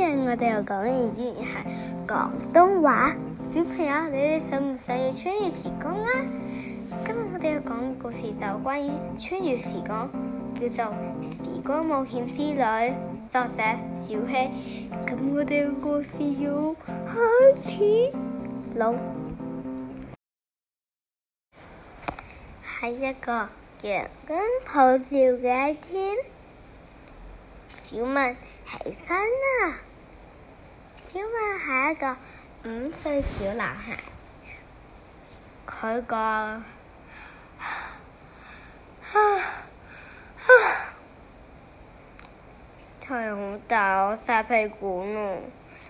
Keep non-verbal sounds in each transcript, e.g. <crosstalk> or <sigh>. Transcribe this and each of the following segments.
今日我哋又講嘅語言係廣東話。小朋友，你哋想唔想要穿越時光啊？今日我哋要講嘅故事就關於穿越時光，叫做《時光冒險之旅》，作者小希。咁我哋嘅故事要開始咯。喺一個陽光普照嘅一天，小問起身啦。小明係一個五歲、嗯、小男孩。佢個太陽好大，我曬屁股咯，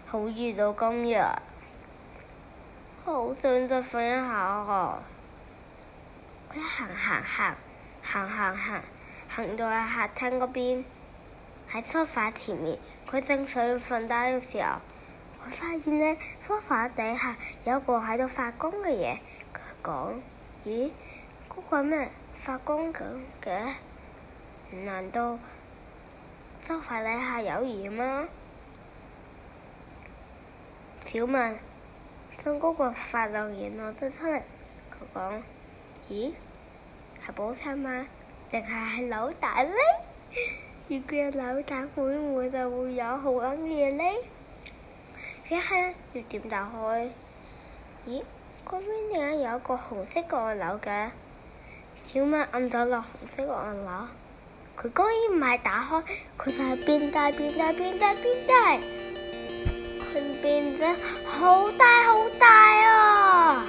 好熱到今日，好想再瞓一下哦、啊。佢行行行，行行行，行到去客廳嗰邊，喺沙發前面，佢正想瞓低嘅時候。我發現呢，梳化底下有個喺度發光嘅嘢。佢講：咦，嗰、那個咩發光咁嘅？難道梳化底下有嘢嗎？小問將嗰個發亮嘢攞咗出嚟。佢講：咦，係寶餐嗎？定係係扭蛋呢？如果有扭蛋，會唔會就會有好玩嘅嘢呢？」點開要點打開？咦，嗰邊點解有一個紅色個按鈕嘅？小貓按咗落紅色個按鈕，佢居然唔係打開，佢就係變大變大變大變大，佢變得好大好大啊！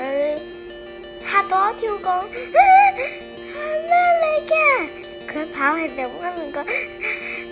佢嚇咗一跳講：係咩嚟嘅？佢跑喺小貓面個。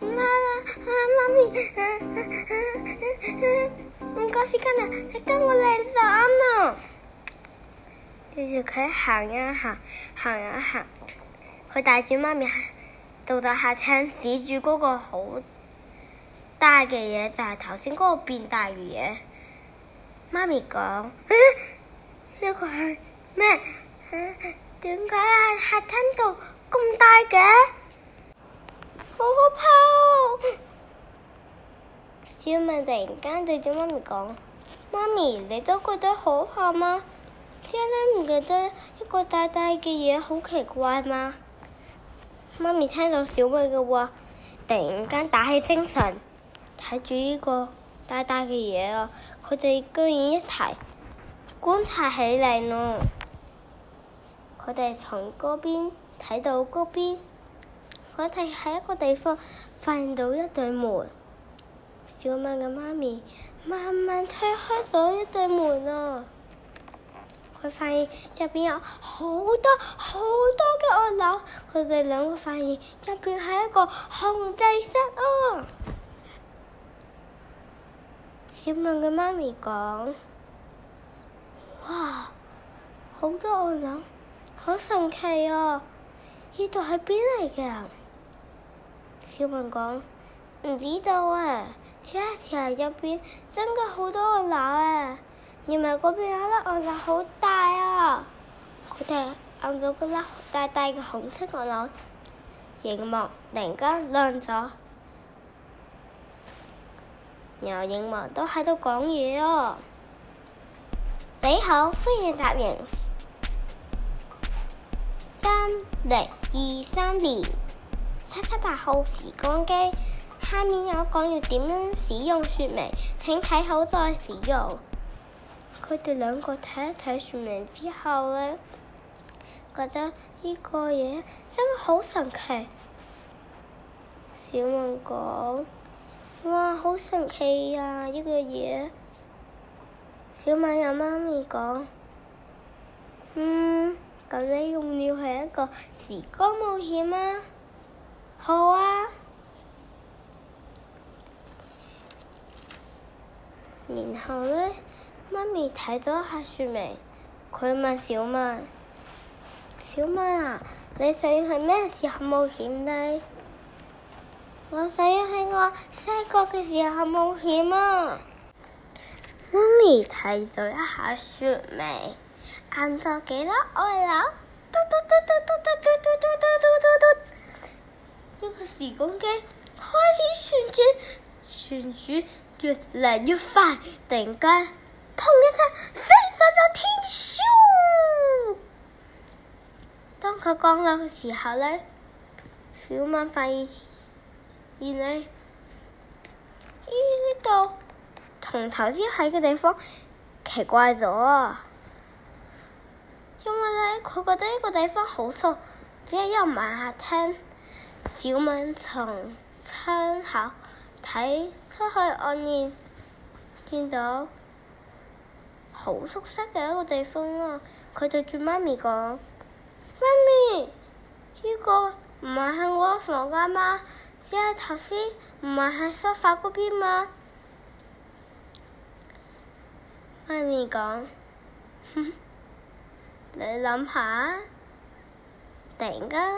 媽啊，媽咪，唔夠時間啊！佢跟我嚟咗啦。跟着佢行一行，行一行，佢帶住媽咪到咗客廳，指住嗰個好大嘅嘢，就係頭先嗰個變大嘅嘢。媽咪講：呢個係咩？點解喺客廳度咁大嘅？好可怕哦！小 <laughs> 問突然間對住媽咪講：媽咪，你都覺得好怕嗎？點解唔覺得一個大大嘅嘢好奇怪嘛？媽咪聽到小問嘅話，突然間打起精神，睇住呢個大大嘅嘢啊！佢哋居然一齊觀察起嚟咯！佢哋從嗰邊睇到嗰邊。我哋喺一個地方發現到一對門，小問嘅媽咪慢慢推開咗一對門啊！佢發現入邊有好多好多嘅按鈕，佢哋兩個發現入邊係一個控制室啊！小問嘅媽咪講：「哇，好多按鈕，好神奇啊！呢度係邊嚟嘅？小問講，唔知道啊！第一次入邊真嘅好多按鈕啊，而咪嗰邊有粒按鈕好大啊！佢哋按咗嗰粒大大嘅紅色按鈕，熒幕突然間亮咗，然後熒幕都喺度講嘢哦！你好，歡迎答應三零二三年。七七八號時光機，下面有講要點樣使用説明，請睇好再使用。佢哋兩個睇一睇説明之後呢，覺得呢個嘢真係好神奇。小明講：哇，好神奇啊！呢個嘢。小馬有媽咪講：嗯，咁你用要係一個時光冒險啊？好啊，然後呢，媽咪睇咗下說明，佢問小問：小問啊，你想要去咩時候冒險呢？我想要喺我細個嘅時候冒險啊！媽咪睇咗一下說明，晏晝幾多？我啦，嘟嘟嘟嘟嘟嘟嘟嘟嘟嘟嘟。一個時光機開始旋轉，旋轉越嚟越快，突然間，砰一聲，飛上咗天霄。當佢降落嘅時候呢，小問發現，原來呢度同頭先喺嘅地方奇怪咗，因為呢，佢覺得呢個地方好熟，只係一唔聞下聽。小問從窗口睇出去外面，見到好熟悉嘅一個地方啦，啊。佢對住媽咪講：，媽咪，呢、這個唔係喺我房間嗎？即係頭先唔係喺沙發嗰邊嗎？媽咪講：， <laughs> 你諗下，突然間。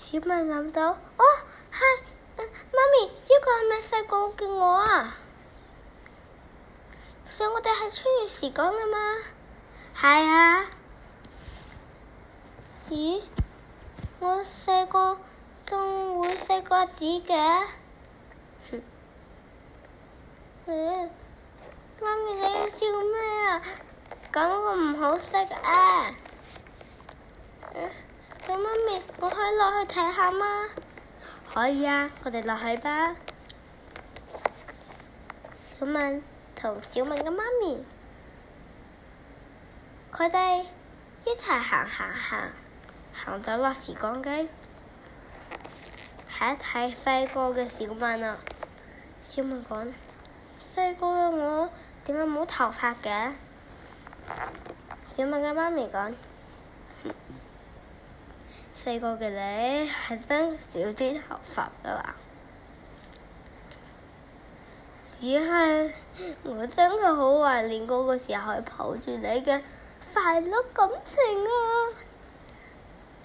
小文諗到，哦，係，媽咪，呢個係咪細個嘅我啊？所以我哋係穿越時光嘅嘛？係啊。咦？我細個仲會寫個字嘅。嗯，媽咪你笑咩啊？咁我唔好識啊。哎哎小媽咪，我可以落去睇下嗎？可以啊，我哋落去吧。小問同小問嘅媽咪，佢哋一齊行行行，行,行,行到落時光機，睇一睇細個嘅小問啊。小問講：細個嘅我點解冇頭髮嘅？小問嘅媽咪講。細個嘅你係真少啲頭髮噶啦，只係我真係好懷念嗰個時候去抱住你嘅快樂感情啊！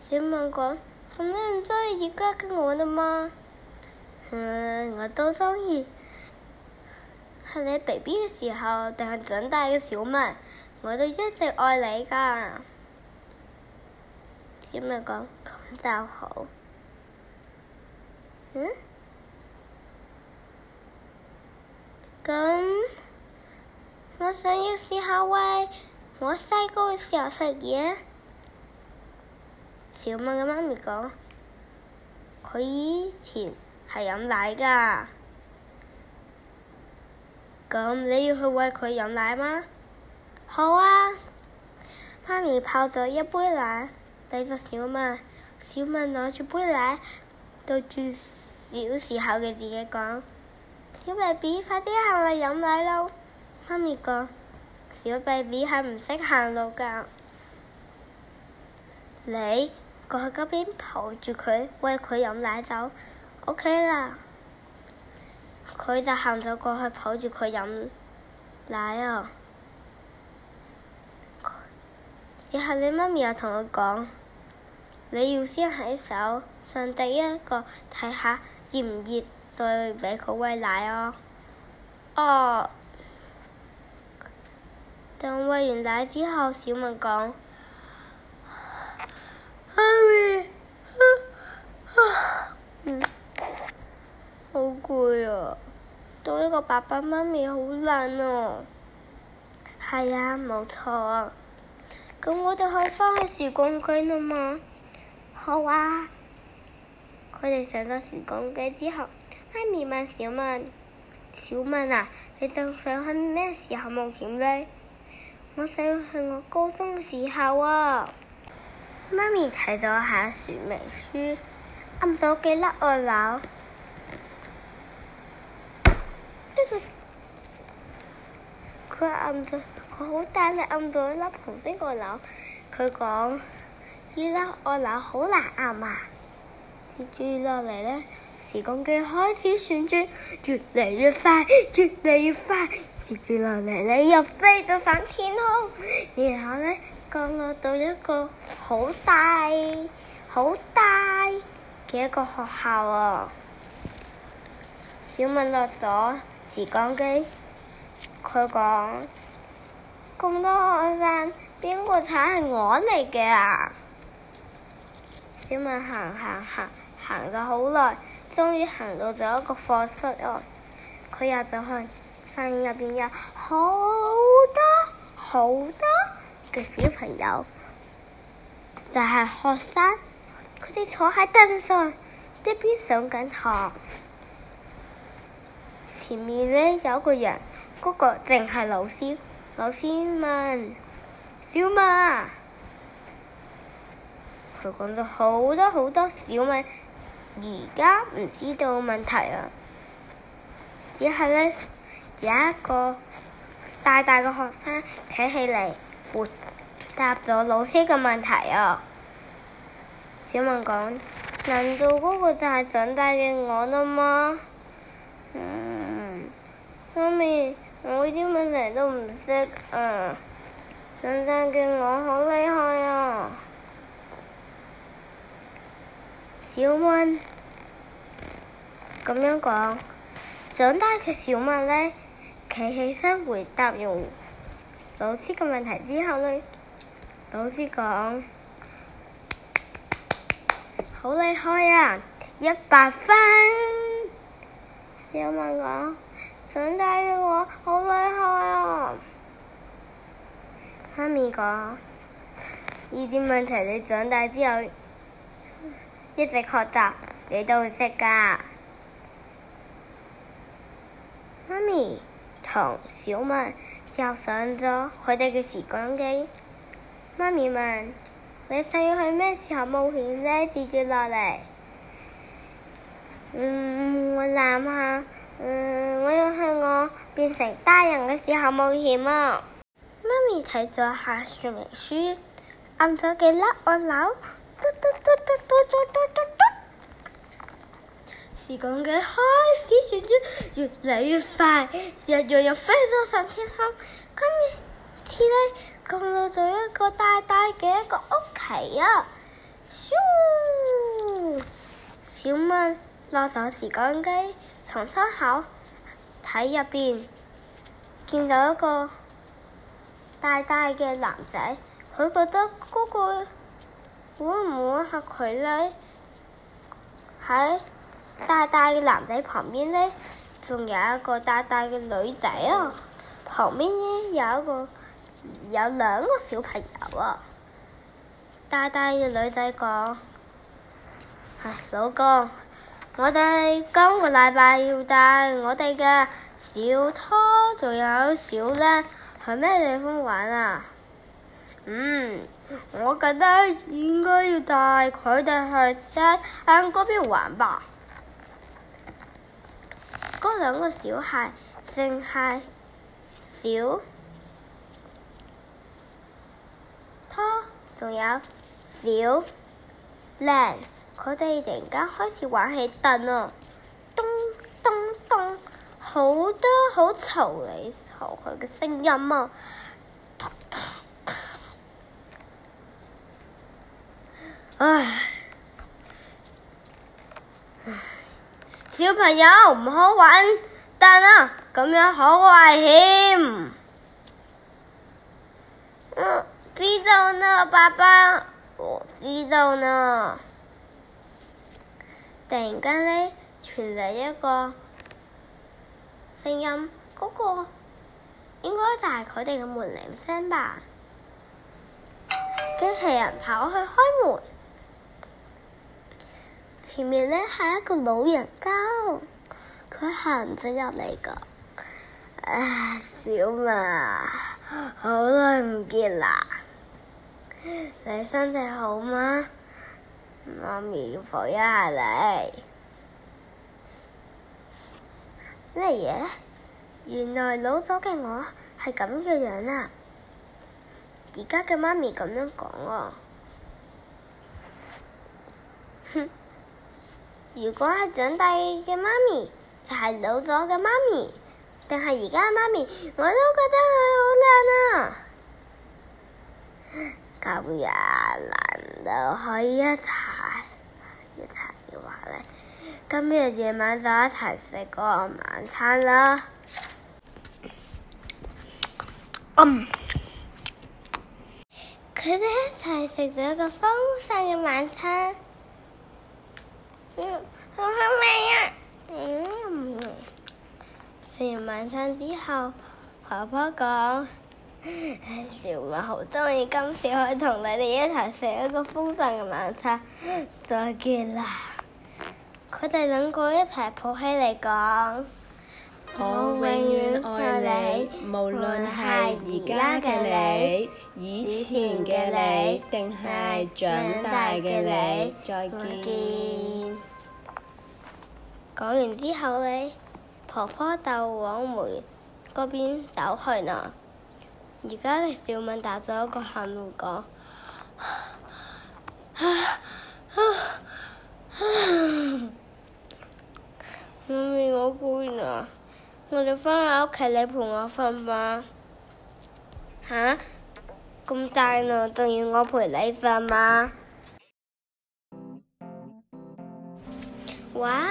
小問講：咁你唔鍾意而家嘅我啦嘛？嗯，我都鍾意，係你 B B 嘅時候，定係長大嘅小問，我都一直愛你㗎。咁咪講，咁就好。嗯，咁我想要試下餵我細個嘅時候食嘢。小問嘅媽咪講：佢以前係飲奶㗎，咁你要去餵佢飲奶嗎？好啊，媽咪泡咗一杯奶。你個小問，小問攞住杯奶，對住小時候嘅自己講：小貝貝，快啲行嚟飲奶咯！媽咪講：小貝貝係唔識行路噶，你過去嗰邊抱住佢，喂佢飲奶 okay 就 OK 啦。佢就行咗過去抱住佢飲奶啊！然後你媽咪又同佢講。你要先喺手，上第一個睇下熱唔熱，再畀佢喂奶哦、啊。哦、啊。等喂完奶之後，小明講：，媽、啊、咪、啊啊，嗯，好攰啊！當一個爸爸媽咪好難哦。係啊，冇錯、啊。咁、啊、我哋可以翻去時光機啦嘛？好啊！佢哋上咗時光機之後，媽咪問小問：小問啊，你仲想去咩時候冒險呢？我想去我高中嘅時候啊！媽咪睇咗下說明書，按咗幾粒按鈕。佢按咗，佢好大力按咗一粒紅色按鈕。佢講。呢粒按鈕好難壓嘛、啊，接住落嚟咧時光機開始旋轉，越嚟越快，越嚟越快，接住落嚟，你又飛咗上天空，然後咧降落到一個好大好大嘅一個學校啊！小敏落咗時光機，佢講：咁多學生，邊個踩係我嚟嘅啊？小問行行行行咗好耐，終於行到咗一個課室哦。佢入咗去，發現入邊有好多好多嘅小朋友，就係、是、學生。佢哋坐喺凳上，一邊上緊堂。前面呢有個人，嗰、那個淨係老師。老師問：小問。佢講咗好多好多小問，而家唔知道嘅問題啊！只係咧，有一個大大嘅學生企起嚟回答咗老師嘅問題啊！小問講：難道嗰個就係長大嘅我啦嗎？嗯，媽咪，我啲問題都唔識啊！長大嘅我好厲害啊！小蚊，咁樣講，長大嘅小蚊呢，企起身回答完老師嘅問題之後呢，老師講，好厲害啊，一百分。小蚊講，長大嘅我好厲害啊。媽咪講，呢啲問題你長大之後。一直學習，你都會識㗎。媽咪同小文又上咗佢哋嘅時光機。媽咪問：你想要去咩時候冒險呢？接住落嚟。嗯，我諗下。嗯，我要去我變成大人嘅時候冒險啊！媽咪睇咗下說明書，按咗幾粒按鈕。時光機開始旋轉，越嚟越快，日日又飛咗上天空。今次呢，降落咗一個大大嘅一個屋企啊！小問攞住時光機從窗口睇入面，見到一個大大嘅男仔，佢覺得嗰個。唔望下佢呢？喺大大嘅男仔旁邊呢，仲有一個大大嘅女仔啊。旁邊呢，有一個，有兩個小朋友啊。大大嘅女仔講：唉、哎，老公，我哋今個禮拜要帶我哋嘅小拖，仲有小咧，去咩地方玩啊？嗯，我覺得應該要帶佢哋去西山嗰邊玩吧。嗰、那、兩、個、個小孩淨係小，他仲有小靚，佢哋突然間開始玩起凳啊、哦，咚咚咚，好多好嘈你嘈佢嘅聲音啊、哦！唉，小朋友唔好玩但啊！咁樣好危險。嗯、啊，知道啦，爸爸。我、哦、知道啦。突然間呢，傳來一個聲音，嗰、嗰個應該就係佢哋嘅門鈴聲吧？機器人跑去開門。前面呢係一個老人家，佢行咗入嚟噶。唉，小問，好耐唔見啦！你身體好嗎？媽咪扶一下你。咩嘢？原來老咗嘅我係咁嘅樣啊！而家嘅媽咪咁樣講喎。啊。 <laughs> 如果係長大嘅媽咪，就係老咗嘅媽咪，定係而家嘅媽咪，我都覺得佢好靚啊！咁呀，難道可以一齊一齊嘅話咧？今日夜晚就一齊食個晚餐啦。嗯，佢哋一齊食咗個豐盛嘅晚餐。佢做咩啊？食 <music> 完晚餐之後，婆婆講小問好中意今次可以同你哋一齊食一個豐盛嘅晚餐，再見啦！佢哋兩個一齊抱起嚟講。我永遠愛你，無論係而家嘅你、以前嘅你，定係長大嘅你。再見。講完之後呢，婆婆就往梅嗰邊走去啦。而家嘅小敏打咗一個喊路講：媽咪，我攰啦！我哋翻去屋企，你陪我瞓嘛？吓！咁大啦，仲要我陪你瞓嘛？哇！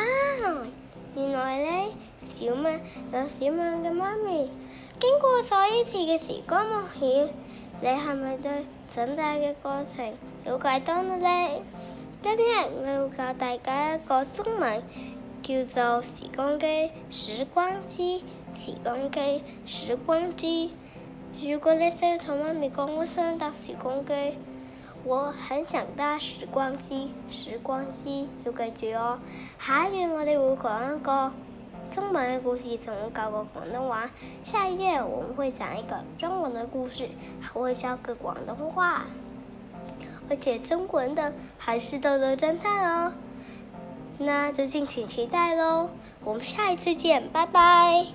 原來呢，小問有小問嘅媽咪，經過咗呢次嘅時光冒險，你係咪對長大嘅過程瞭解多啲呢？今日我要教大家一個中文。叫做時光機，時光機，時光機，時光機。如果你想同媽咪講，我想搭時光機。我很想搭時光機，時光機。有感覺哦，下一頁我哋會講一個中文嘅故事，同講個廣東話。下一頁我們會講一個中文嘅故事，還會教個廣東話。而且中文的還是豆豆偵探哦。那就敬請期待嘍，我們下一次見，拜拜。